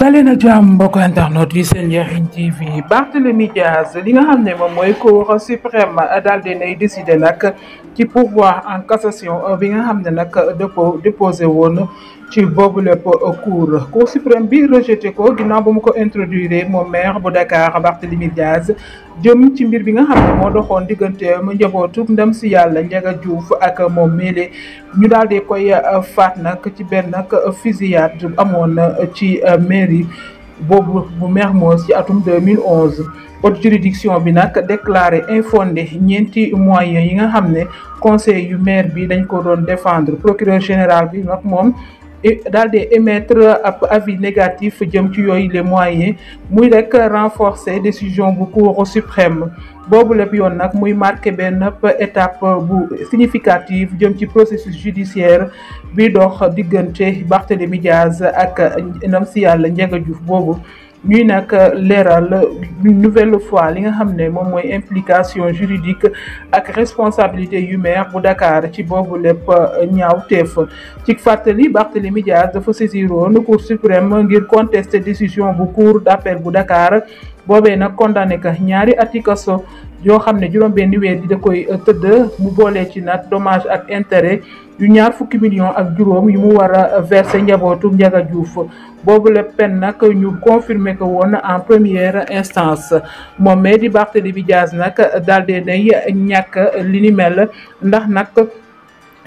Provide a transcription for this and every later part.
dale na jàmm mbokk internet yi seen njëriñ TV Barthélémy Dias li nga xam ne moom mooy Cour suprême daal di nay décider ak ci pourvoi en cassation euh, bi nga xam ne nag euh, déposé won ci bobu le euh, cour cour suprême bi rejeté ko ginnaaw ba ko introduire moom maire bu Dakar Barthélémy Diaz dem ci mbir bi nga xam mo doxone doxoon diggante mu njabootu ndam si yalla Ndiaga djouf ak mom meele ñu daal koy fat nak ci ben nak fusillade amone ci mairie boobu bu Mermoz ci atum 2011 haute juridiction bi nag déclaré infondé ñeenti moyens yi nga xam ne conseil yu maire bi dañ ko doon défendre procureur général bi nag moom daal di émettre ab avis négatif jëm ci yooyu les moyens muy rek renforcer décision bu cour suprême boobu lépp yoon nag muy marqué benn étape bu significative jëm ci processus judiciaire bi dox diggante Barthélémy Diaz ak nam si yàlla Ndiaga Diouf boobu ñuy nag leeral nouvelle fois li nga xam ne moom mooy implication juridique ak responsabilité yu maire bu Dakar ci boobu lépp euh, ñaaw teef ci fàttali Barthélémy Dias dafa saisiroon Cour suprême ngir contester décision bu Cour d'appel bu Dakar boobee nag condamné ka ñaari ati yoo xam ne juróom-benni weer yi koy euh, tëdd mu boolee ci nag domage ak intérêt yu ñaar fukki million ak juróom yu mu war a euh, verser njabootu Ndiaga Diouf boobu la pen nag ñu confirmer ko woon en première instance moom mais di bi Dias nag daal dee nay ñàkk li ni mel ndax nag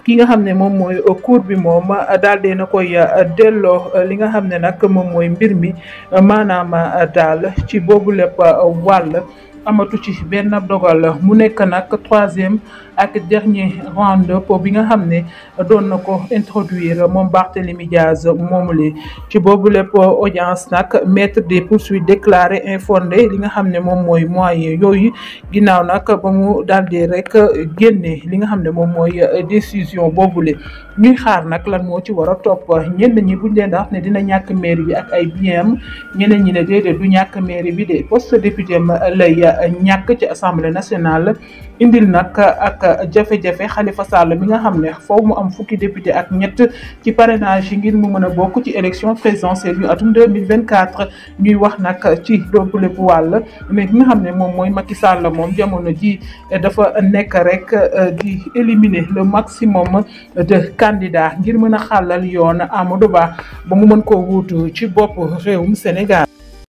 ki nga xam ne moom mooy cour bi moom daal dee na koy euh, delloo li nga xam ne nag moom mooy mbir mi maanaam daal ci boobu lépp wàll amatu ci benn dogal mu nekk nag troisième ak dernier round po bi nga xam ne doon na ko introduire moom Barthélémy Diaz moomule ci boobu po audience nag maître des poursuites déclaré infondé li nga xam ne moom mooy moyen yooyu ginnaaw nag ba mu daldi rek génne li nga xam ne moom mooy décision boobule ñuy xaar nag lan moo ci war a topp ñenn ñi buñ leen wax ne dina ñàkk maire bi ak ay biens ñeneen ñi ne déedéet du ñàkk maire bi de poste député lay ñàkk ci assemblée nationale indil nag ak jafe-jafe Khalifa Sall mi nga xam ne faw mu am fukki député ak ñett ci parrainage yi ngir mu mën a bokk ci élection présidentielle yu 2024 ñuy wax nag ci doobu lépp wàll mais ki nga xam ne moom mooy Macky Sall moom jamono ji dafa nekk rek euh, di éliminer le maximum de candidats ngir mën a xàllal yoon Amadou Ba ba mu mën koo wuutu ci bopp réewum Sénégal